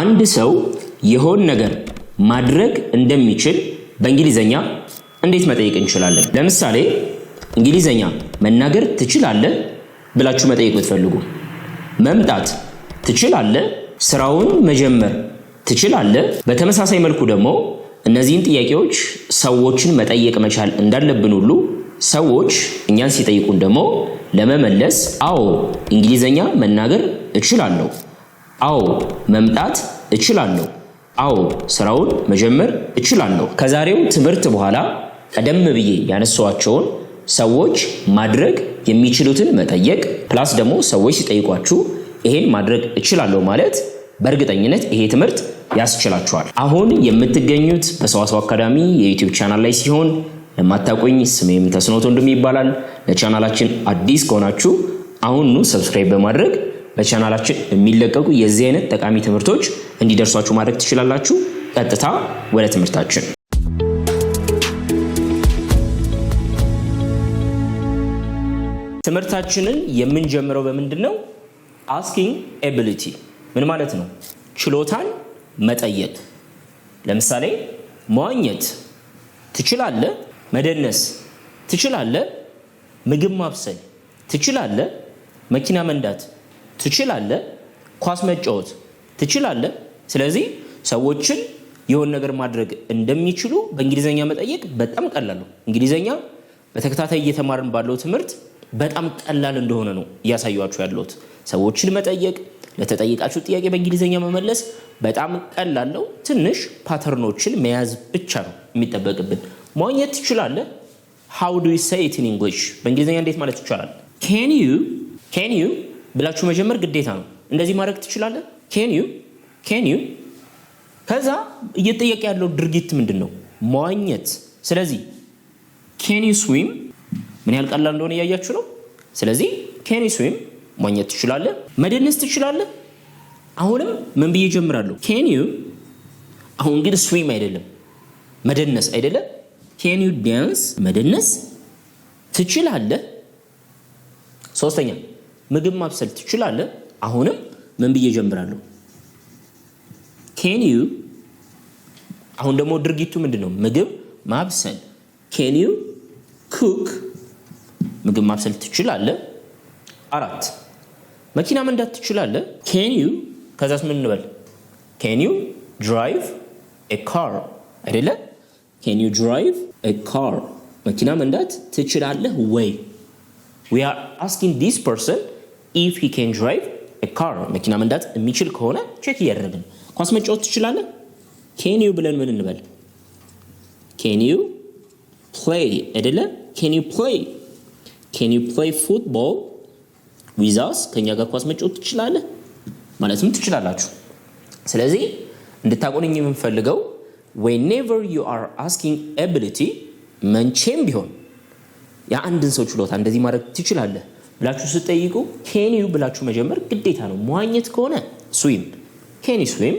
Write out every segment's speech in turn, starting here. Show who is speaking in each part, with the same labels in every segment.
Speaker 1: አንድ ሰው የሆን ነገር ማድረግ እንደሚችል በእንግሊዘኛ እንዴት መጠየቅ እንችላለን? ለምሳሌ እንግሊዘኛ መናገር ትችላለህ ብላችሁ መጠየቅ ብትፈልጉ መምጣት ትችላለህ፣ ስራውን መጀመር ትችላለህ። በተመሳሳይ መልኩ ደግሞ እነዚህን ጥያቄዎች ሰዎችን መጠየቅ መቻል እንዳለብን ሁሉ ሰዎች እኛን ሲጠይቁን ደግሞ ለመመለስ አዎ እንግሊዘኛ መናገር እችላለሁ አዎ መምጣት እችላለሁ። አዎ ስራውን መጀመር እችላለሁ። ከዛሬው ትምህርት በኋላ ቀደም ብዬ ያነሷቸውን ሰዎች ማድረግ የሚችሉትን መጠየቅ ፕላስ ደግሞ ሰዎች ሲጠይቋችሁ ይሄን ማድረግ እችላለሁ ማለት በእርግጠኝነት ይሄ ትምህርት ያስችላችኋል። አሁን የምትገኙት በሰዋሰው አካዳሚ የዩቲዩብ ቻናል ላይ ሲሆን ለማታቆኝ ስሜም ተስኖት ወንድም ይባላል። ለቻናላችን አዲስ ከሆናችሁ አሁኑ ሰብስክራይብ በማድረግ በቻናላችን የሚለቀቁ የዚህ አይነት ጠቃሚ ትምህርቶች እንዲደርሷችሁ ማድረግ ትችላላችሁ። ቀጥታ ወደ ትምህርታችን ትምህርታችንን የምንጀምረው በምንድን ነው? አስኪንግ ኤቢሊቲ ምን ማለት ነው? ችሎታን መጠየቅ። ለምሳሌ መዋኘት ትችላለ መደነስ ትችላለ ምግብ ማብሰል ትችላለ መኪና መንዳት ትችላለህ፣ ኳስ መጫወት ትችላለህ። ስለዚህ ሰዎችን የሆነ ነገር ማድረግ እንደሚችሉ በእንግሊዝኛ መጠየቅ በጣም ቀላል ነው። እንግሊዝኛ በተከታታይ እየተማርን ባለው ትምህርት በጣም ቀላል እንደሆነ ነው እያሳያችሁ ያለሁት። ሰዎችን መጠየቅ፣ ለተጠየቃችሁ ጥያቄ በእንግሊዝኛ መመለስ በጣም ቀላል ነው። ትንሽ ፓተርኖችን መያዝ ብቻ ነው የሚጠበቅብን። ማግኘት ትችላለህ። ሃው ዱ ዩ ሴይ ኢት ኢን ኢንግሊሽ፣ በእንግሊዝኛ እንዴት ማለት ይቻላል? ኬን ዩ ኬን ዩ ብላችሁ መጀመር ግዴታ ነው። እንደዚህ ማድረግ ትችላለህ። ኬን ዩ ኬን ዩ። ከዛ እየጠየቀ ያለው ድርጊት ምንድን ነው? መዋኘት። ስለዚህ ኬን ዩ ስዊም ምን ያህል ቀላል እንደሆነ እያያችሁ ነው። ስለዚህ ኬን ዩ ስዊም መዋኘት ትችላለህ። መደነስ ትችላለህ። አሁንም ምን ብዬ ጀምራለሁ? ኬን ዩ አሁን ግን ስዊም አይደለም መደነስ አይደለም። ኬን ዩ ዳንስ መደነስ ትችላለህ። ሶስተኛ ምግብ ማብሰል ትችላለህ? አሁንም ምን ብዬ ጀምራለሁ? ኬን ዩ። አሁን ደግሞ ድርጊቱ ምንድን ነው? ምግብ ማብሰል። ኬን ዩ ኩክ። ምግብ ማብሰል ትችላለህ? አራት መኪና መንዳት ትችላለህ? ኬን ዩ። ከዛስ ምን እንበል? ኬን ዩ ድራይቭ ኤ ካር አይደለ? ኬን ዩ ድራይቭ ኤ ካር። መኪና መንዳት ትችላለህ ወይ? ዊ አር አስኪንግ ዲስ ፐርሰን ኢፍ ሂ ኬን ድራይቭ ካር መኪና መንዳት የሚችል ከሆነ ቼክ እያደረግን ኳስ መጫወት ትችላለህ። ኬን ዩ ብለን ምን እንበል? ኬን ዩ ፕሌይ አይደለ? ኬን ዩ ፕሌይ ኬን ዩ ፕሌይ ፉትቦል ዊዛስ ከኛ ጋር ኳስ መጫወት ትችላለህ ማለትም ትችላላችሁ። ስለዚህ እንድታቆንኝ የምንፈልገው ዌኔቨር ዩ አር አስኪንግ ኤቢሊቲ መንቼም ቢሆን የአንድን ሰው ችሎታ እንደዚህ ማድረግ ትችላለህ ብላችሁ ስጠይቁ ኬን ብላችሁ መጀመር ግዴታ ነው። መዋኘት ከሆነ ስዊም፣ ኬን ዩ ስዊም፣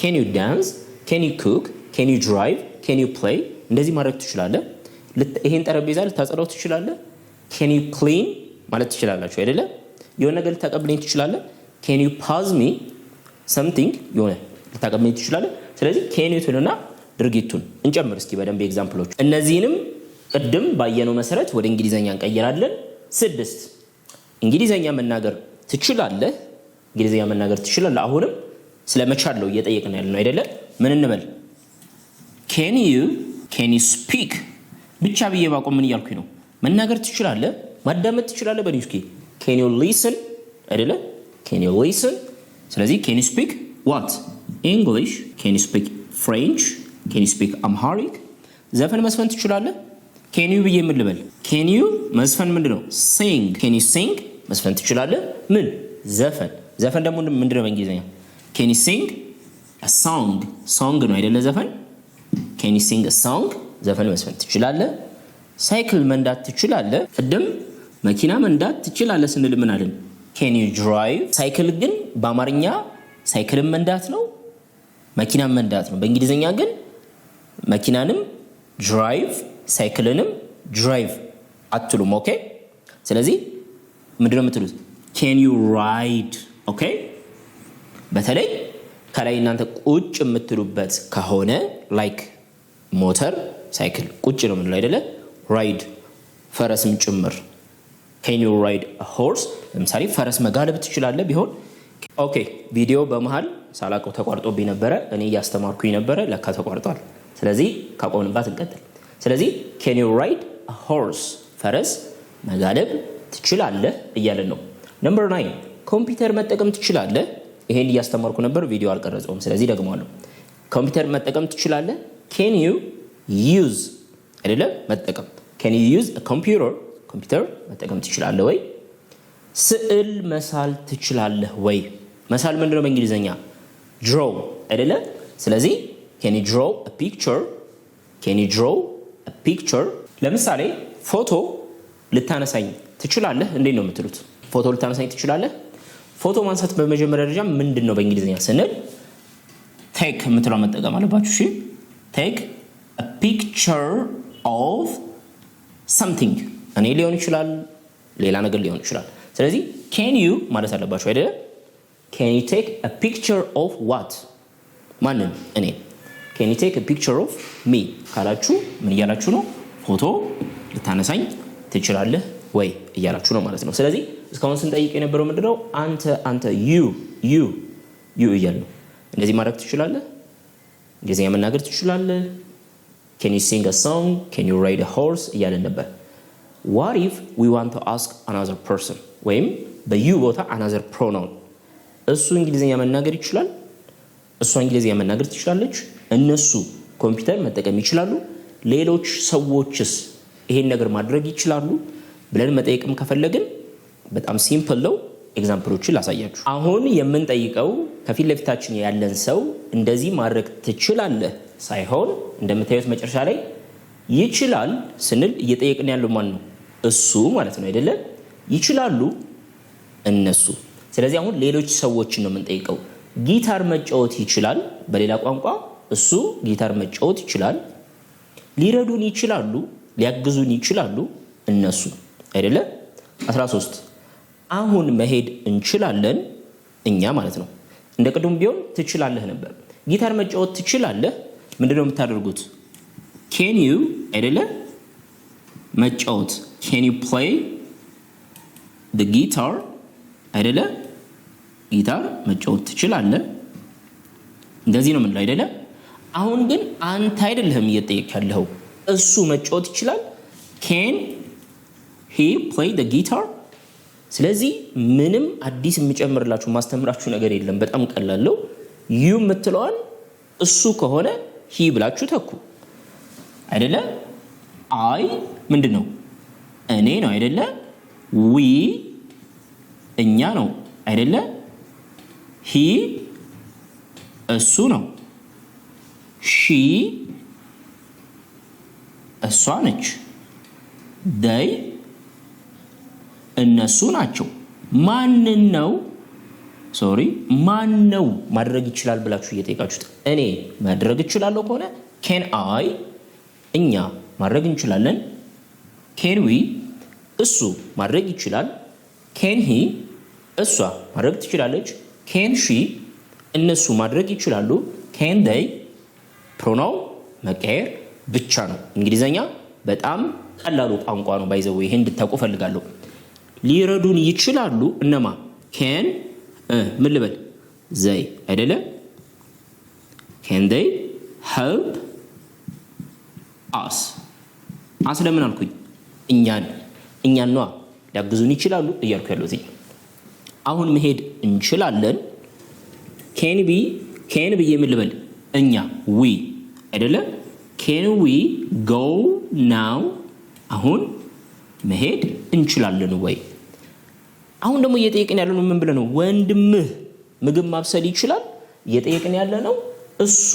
Speaker 1: ኬን ዩ ዳንስ፣ ኬን ዩ ኩክ፣ ኬን ዩ ድራይቭ፣ ኬን ዩ ፕሌይ። እንደዚህ ማድረግ ትችላለህ። ይሄን ጠረጴዛ ልታጸዳው ትችላለህ። ኬን ዩ ክሊን ማለት ትችላላችሁ አይደለ? የሆነ ነገር ልታቀብለኝ ትችላለህ። ኬን ዩ ፓዝ ሚ ሰምቲንግ የሆነ ልታቀብለኝ ትችላለህ። ስለዚህ ኬን ድርጊቱን እንጨምር እስኪ በደንብ ኤግዛምፕሎች። እነዚህንም ቅድም ባየነው መሰረት ወደ እንግሊዝኛ እንቀይራለን። ስድስት እንግሊዘኛ መናገር ትችላለህ፣ እንግሊዘኛ መናገር ትችላለህ። አሁንም ስለመቻል ነው እየጠየቅን ያለ ነው አይደለም። ምን እንበል? ኬን ዩ ኬን ዩ ስፒክ ብቻ ብዬ ባቆም ምን እያልኩኝ ነው? መናገር ትችላለህ፣ ማዳመጥ ትችላለህ። በኒውስኪ ኬን ዩ ሊስን አይደለ? ኬን ዩ ሊስን። ስለዚህ ኬን ዩ ስፒክ ዋት ኢንግሊሽ፣ ኬን ዩ ስፒክ ፍሬንች፣ ኬን ዩ ስፒክ አምሃሪክ። ዘፈን መስፈን ትችላለህ። ኬን ዩ ብዬ ምን ልበል? ኬን ዩ መስፈን ምንድን ነው? ሲንግ ኬን ዩ ሲንግ መስፈን ትችላለህ። ምን ዘፈን ዘፈን ደግሞ ምንድን ነው በእንግሊዝኛ? ኬን ሲንግ ሶንግ ነው አይደለ? ዘፈን ኬኒሲንግ ዩ ሲንግ ዘፈን መስፈን ትችላለህ። ሳይክል መንዳት ትችላለህ። ቅድም መኪና መንዳት ትችላለህ ስንል ምን አለን? ኬኒ ድራይቭ። ሳይክል ግን በአማርኛ ሳይክልን መንዳት ነው፣ መኪና መንዳት ነው። በእንግሊዝኛ ግን መኪናንም ድራይቭ ሳይክልንም ድራይቭ አትሉም። ኦኬ ስለዚህ ምንድን ነው የምትሉት? ኬን ዩ ራይድ ኦኬ። በተለይ ከላይ እናንተ ቁጭ የምትሉበት ከሆነ ላይክ ሞተር ሳይክል ቁጭ ነው የምንለው አይደለ? ራይድ ፈረስም ጭምር ኬን ዩ ራይድ ሆርስ። ለምሳሌ ፈረስ መጋለብ ትችላለህ ቢሆን ኦኬ። ቪዲዮ በመሀል ሳላቀው ተቋርጦብኝ ነበረ። እኔ እያስተማርኩኝ ነበረ፣ ለካ ተቋርጧል። ስለዚህ ካቆምንባት እንቀጥል። ስለዚህ ኬን ዩ ራይድ ሆርስ፣ ፈረስ መጋለብ ትችላለህ እያለን ነው። ነምበር ናይን ኮምፒውተር መጠቀም ትችላለህ። ይሄን እያስተማርኩ ነበር፣ ቪዲዮ አልቀረጸውም፣ ስለዚህ ደግማለሁ። ኮምፒውተር መጠቀም ትችላለህ። ኬን ዩ ዩዝ አይደለም መጠቀም። ኬን ዩ ዩዝ ኮምፒውተር ኮምፒውተር መጠቀም ትችላለህ ወይ? ስዕል መሳል ትችላለህ ወይ? መሳል ነው በእንግሊዝኛ ድሮ አይደለ? ስለዚህ ኬን ዩ ፒክቸር ኬን ዩ ፒክቸር። ለምሳሌ ፎቶ ልታነሳኝ ትችላለህ እንዴት ነው የምትሉት? ፎቶ ልታነሳኝ ትችላለህ? ፎቶ ማንሳት በመጀመሪያ ደረጃ ምንድን ነው በእንግሊዝኛ ስንል ቴክ የምትለው መጠቀም አለባችሁ። እሺ ቴክ ፒክቸር ኦፍ ሰምቲንግ እኔ ሊሆን ይችላል፣ ሌላ ነገር ሊሆን ይችላል። ስለዚህ ኬን ዩ ማለት አለባችሁ አይደለ? ኬን ዩ ቴክ ፒክቸር ኦፍ ዋት ማንን? እኔ ኬን ዩ ቴክ ፒክቸር ኦፍ ሚ ካላችሁ ምን እያላችሁ ነው? ፎቶ ልታነሳኝ ትችላለህ ወይ እያላችሁ ነው ማለት ነው። ስለዚህ እስካሁን ስንጠይቅ የነበረው ምንድነው? አንተ አንተ ዩ ዩ ዩ እያል ነው። እንደዚህ ማድረግ ትችላለህ፣ እንደዚህ መናገር ትችላለህ። ኬን ዩ ሲንግ ሶንግ ኬን ዩ ራይድ ሆርስ እያለን ነበር። ዋሪፍ ኢፍ ዊ ዋንት አስክ አናዘር ፐርሰን ወይም በዩ ቦታ አናዘር ፕሮናውን እሱ እንግሊዝኛ መናገር ይችላል፣ እሷ እንግሊዝኛ መናገር ትችላለች፣ እነሱ ኮምፒውተር መጠቀም ይችላሉ፣ ሌሎች ሰዎችስ ይሄን ነገር ማድረግ ይችላሉ ብለን መጠየቅም ከፈለግን በጣም ሲምፕል ነው። ኤግዛምፕሎችን ላሳያችሁ። አሁን የምንጠይቀው ከፊት ለፊታችን ያለን ሰው እንደዚህ ማድረግ ትችላለህ ሳይሆን እንደምታዩት መጨረሻ ላይ ይችላል ስንል እየጠየቅን ያለው ማን ነው? እሱ ማለት ነው አይደለም? ይችላሉ እነሱ። ስለዚህ አሁን ሌሎች ሰዎችን ነው የምንጠይቀው። ጊታር መጫወት ይችላል፣ በሌላ ቋንቋ እሱ ጊታር መጫወት ይችላል። ሊረዱን ይችላሉ፣ ሊያግዙን ይችላሉ እነሱ አይደለም 13 አሁን መሄድ እንችላለን እኛ ማለት ነው። እንደ ቅድሙ ቢሆን ትችላለህ ነበር። ጊታር መጫወት ትችላለህ ምንድን ነው የምታደርጉት? ኬን ዩ አይደለ መጫወት ኬን ዩ ፕሌይ ጊታር አይደለ ጊታር መጫወት ትችላለህ። እንደዚህ ነው የምንለው አይደለ። አሁን ግን አንተ አይደለህም እየጠየቅ ያለው እሱ መጫወት ይችላል ኬን ሂ ፕሌይድ ጊታር። ስለዚህ ምንም አዲስ የምጨምርላችሁ ማስተምራችሁ ነገር የለም። በጣም ቀላለው። ዩ የምትለዋን እሱ ከሆነ ሂ ብላችሁ ተኩ አይደለ? አይ ምንድን ነው እኔ ነው አይደለ? ዊ እኛ ነው አይደለ? ሂ እሱ ነው። ሺ እሷ ነች። ደይ እነሱ ናቸው። ማንን ነው ሶሪ ማን ነው ማድረግ ይችላል ብላችሁ እየጠየቃችሁት፣ እኔ ማድረግ እችላለሁ ከሆነ ኬን አይ እኛ ማድረግ እንችላለን። ኬን ዊ እሱ ማድረግ ይችላል። ኬን ሂ እሷ ማድረግ ትችላለች። ኬን ሺ እነሱ ማድረግ ይችላሉ። ኬን ደይ ፕሮናው መቀየር ብቻ ነው። እንግሊዘኛ በጣም ቀላሉ ቋንቋ ነው። ባይዘው ይሄ እንድታውቁ ፈልጋለሁ። ሊረዱን ይችላሉ። እነማ ኬን ምን ልበል ዘይ አይደለ? ኬን ዘይ ሄልፕ አስ አስ ለምን አልኩኝ? እኛን እኛን ነዋ ሊያግዙን ይችላሉ እያልኩ ያሉት አሁን መሄድ እንችላለን። ኬን ቢ ኬን ብዬ ምን ልበል እኛ ዊ አይደለ? ኬን ዊ ጎ ናው አሁን መሄድ እንችላለን ወይ አሁን ደግሞ እየጠየቅን ያለ ነው ምን ብለ ነው? ወንድምህ ምግብ ማብሰል ይችላል? እየጠየቅን ያለ ነው እሱ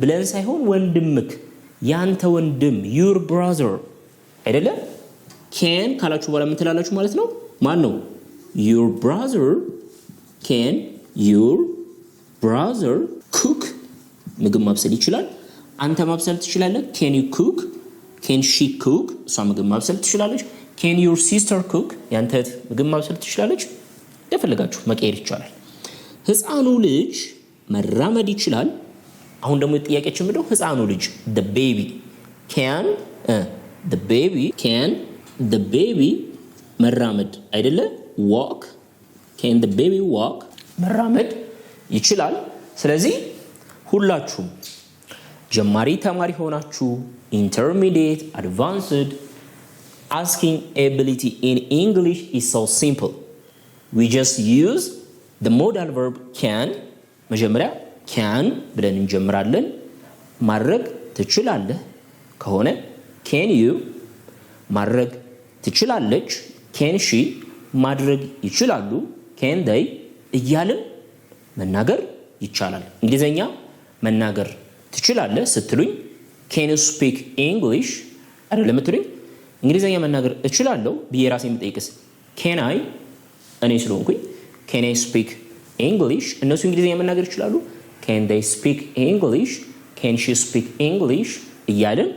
Speaker 1: ብለን ሳይሆን ወንድምክ፣ ያንተ ወንድም ዩር ብራዘር አይደለም። ኬን ካላችሁ በኋላ የምትላላችሁ ማለት ነው? ማን ነው? ዩር ብራዘር ኬን ዩር ብራዘር ኩክ ምግብ ማብሰል ይችላል? አንተ ማብሰል ትችላለህ? ኬን ዩ ኩክ ኬን ሺ ኩክ እሷ ምግብ ማብሰል ትችላለች። ኬን ዩር ሲስተር ኩክ ያንተ ምግብ ማብሰል ትችላለች? እንደፈለጋችሁ መቀየር ይቻላል። ህፃኑ ልጅ መራመድ ይችላል። አሁን ደግሞ ጥያቄያችን ምንድነው? ህፃኑ ልጅ ቤቢ ኬን ቤቢ ኬን ቤቢ መራመድ አይደለ? ዋክ ኬን ቤቢ ዋክ መራመድ ይችላል። ስለዚህ ሁላችሁም ጀማሪ ተማሪ ሆናችሁ ኢንተርሚዲየት አድቫንስድ asking ability in English is so simple. We just use the modal verb can መጀመሪያ can ብለን እንጀምራለን። ማድረግ ትችላለህ ከሆነ can you ማድረግ ትችላለች፣ can she ማድረግ ይችላሉ፣ can they እያልን መናገር ይቻላል። እንግሊዘኛ መናገር ትችላለህ ስትሉኝ ኬን ዩ ስፒክ ኢንግሊሽ አይደለም የምትሉኝ እንግሊዝኛ መናገር እችላለሁ ብዬ ራሴ የምጠይቅስ ኬናይ እኔ ስለሆንኩኝ ኬናይ ስፒክ ኤንግሊሽ እነሱ እንግሊዝኛ መናገር ይችላሉ። ኬን ዴይ ስፒክ ኤንግሊሽ ኬን ሺ ስፒክ ኢንግሊሽ እያልን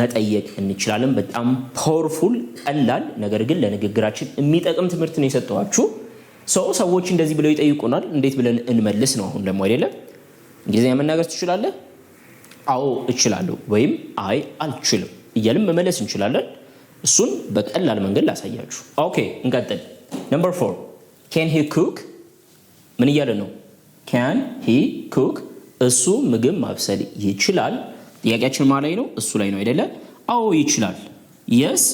Speaker 1: መጠየቅ እንችላለን። በጣም ፓወርፉል ቀላል፣ ነገር ግን ለንግግራችን የሚጠቅም ትምህርት ነው የሰጠኋችሁ። ሰው ሰዎች እንደዚህ ብለው ይጠይቁናል፣ እንዴት ብለን እንመልስ ነው አሁን ደግሞ አይደለም። እንግሊዝኛ መናገር ትችላለህ? አዎ እችላለሁ ወይም አይ አልችልም እያልን መመለስ እንችላለን። እሱን በቀላል መንገድ ላሳያችሁ። ኦኬ እንቀጥል። ነምበር ፎር ኬን ሂ ኩክ። ምን እያለ ነው? ኬን ሂ ኩክ፣ እሱ ምግብ ማብሰል ይችላል። ጥያቄያችን ማ ላይ ነው? እሱ ላይ ነው አይደለ? አዎ ይችላል። የስ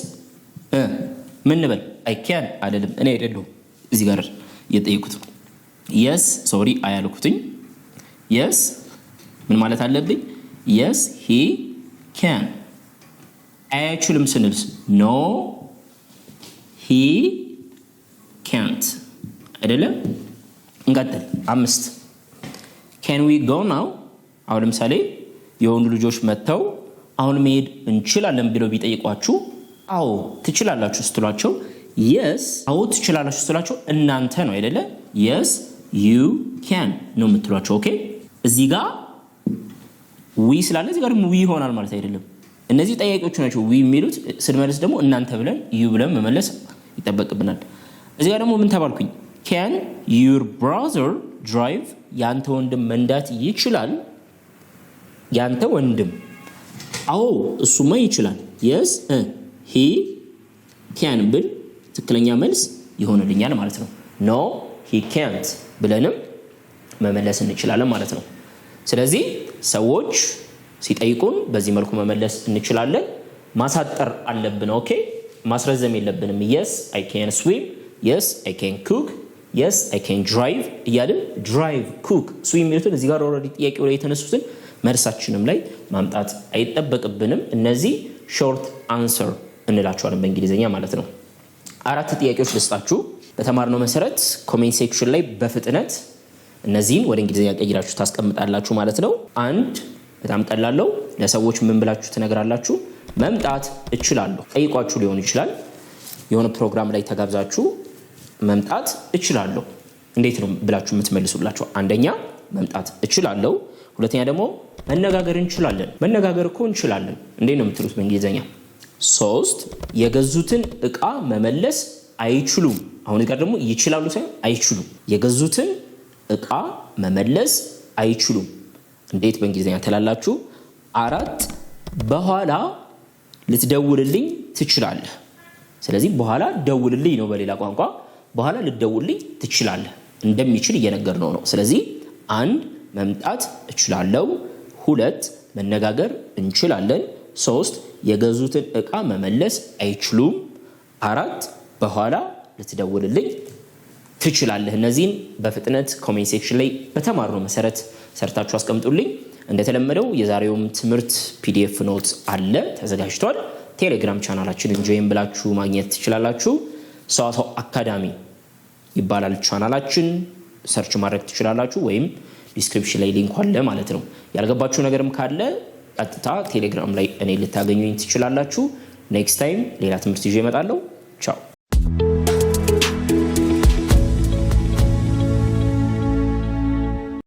Speaker 1: ምን ንበል? አይ ኬን አይደለም፣ እኔ አይደለሁም እዚህ ጋር የጠየቁት የስ ሶሪ አያልኩትኝ። የስ ምን ማለት አለብኝ? የስ ሂ ኬን አይችልም ስንልስ ኖ ሂ ካንት አይደለም። እንቀጥል። አምስት ኬን ዊ ጎ ናው። አሁን ለምሳሌ የወንዱ ልጆች መጥተው አሁን መሄድ እንችላለን ብለው ቢጠይቋችሁ አዎ ትችላላችሁ ስትሏቸው የስ አዎ ትችላላችሁ ስትሏቸው እናንተ ነው አይደለ? የስ ዩ ካን ነው የምትሏቸው። ኦኬ እዚህ ጋር ዊ ስላለ እዚህ ጋር ደግሞ ዊ ይሆናል ማለት አይደለም። እነዚህ ጠያቂዎቹ ናቸው ዊ የሚሉት። ስንመለስ ደግሞ እናንተ ብለን ዩ ብለን መመለስ ይጠበቅብናል። እዚጋ ደግሞ ምን ተባልኩኝ? ኬን ዩር ብራዘር ድራይቭ፣ ያንተ ወንድም መንዳት ይችላል። ያንተ ወንድም አዎ፣ እሱማ ይችላል። የስ ሂ ኬን ብል ትክክለኛ መልስ ይሆንልኛል ማለት ነው። ኖ ሂ ኬንት ብለንም መመለስ እንችላለን ማለት ነው። ስለዚህ ሰዎች ሲጠይቁን በዚህ መልኩ መመለስ እንችላለን። ማሳጠር አለብን። ኦኬ ማስረዘም የለብንም። የስ አይ ኬን ስዊም፣ የስ አይ ኬን ኩክ፣ የስ አይ ኬን ድራይቭ እያልን ድራይቭ፣ ኩክ፣ ስዊም የሚሉትን እዚህ ጋር ኦልሬዲ ጥያቄው ላይ የተነሱትን መልሳችንም ላይ ማምጣት አይጠበቅብንም። እነዚህ ሾርት አንሰር እንላቸዋለን በእንግሊዝኛ ማለት ነው። አራት ጥያቄዎች ልስጣችሁ። በተማርነው መሰረት ኮሜንት ሴክሽን ላይ በፍጥነት እነዚህን ወደ እንግሊዝኛ ቀይራችሁ ታስቀምጣላችሁ ማለት ነው። አንድ በጣም ጠላለው። ለሰዎች ምን ብላችሁ ትነግራላችሁ? መምጣት እችላለሁ። ጠይቋችሁ ሊሆን ይችላል። የሆነ ፕሮግራም ላይ ተጋብዛችሁ መምጣት እችላለሁ እንዴት ነው ብላችሁ የምትመልሱላቸው? አንደኛ መምጣት እችላለሁ፣ ሁለተኛ ደግሞ መነጋገር እንችላለን። መነጋገር እኮ እንችላለን፣ እንዴት ነው የምትሉት በእንግሊዝኛ? ሶስት የገዙትን እቃ መመለስ አይችሉም። አሁን ጋር ደግሞ ይችላሉ ሳይሆን አይችሉም። የገዙትን እቃ መመለስ አይችሉም። እንዴት በእንግሊዝኛ ትላላችሁ? አራት በኋላ ልትደውልልኝ ትችላለህ። ስለዚህ በኋላ ደውልልኝ ነው በሌላ ቋንቋ። በኋላ ልትደውልልኝ ትችላለህ እንደሚችል እየነገር ነው ነው። ስለዚህ አንድ መምጣት እችላለሁ፣ ሁለት መነጋገር እንችላለን፣ ሶስት የገዙትን እቃ መመለስ አይችሉም፣ አራት በኋላ ልትደውልልኝ ትችላለህ። እነዚህን በፍጥነት ኮሜንት ሴክሽን ላይ በተማርነው መሰረት ሰርታችሁ አስቀምጡልኝ። እንደተለመደው የዛሬውም ትምህርት ፒዲኤፍ ኖት አለ ተዘጋጅቷል። ቴሌግራም ቻናላችን እንጆይም ብላችሁ ማግኘት ትችላላችሁ። ሰዋሰው አካዳሚ ይባላል ቻናላችን፣ ሰርች ማድረግ ትችላላችሁ ወይም ዲስክሪፕሽን ላይ ሊንኩ አለ ማለት ነው። ያልገባችሁ ነገርም ካለ ቀጥታ ቴሌግራም ላይ እኔ ልታገኙኝ ትችላላችሁ። ኔክስት ታይም ሌላ ትምህርት ይዤ እመጣለሁ። ቻው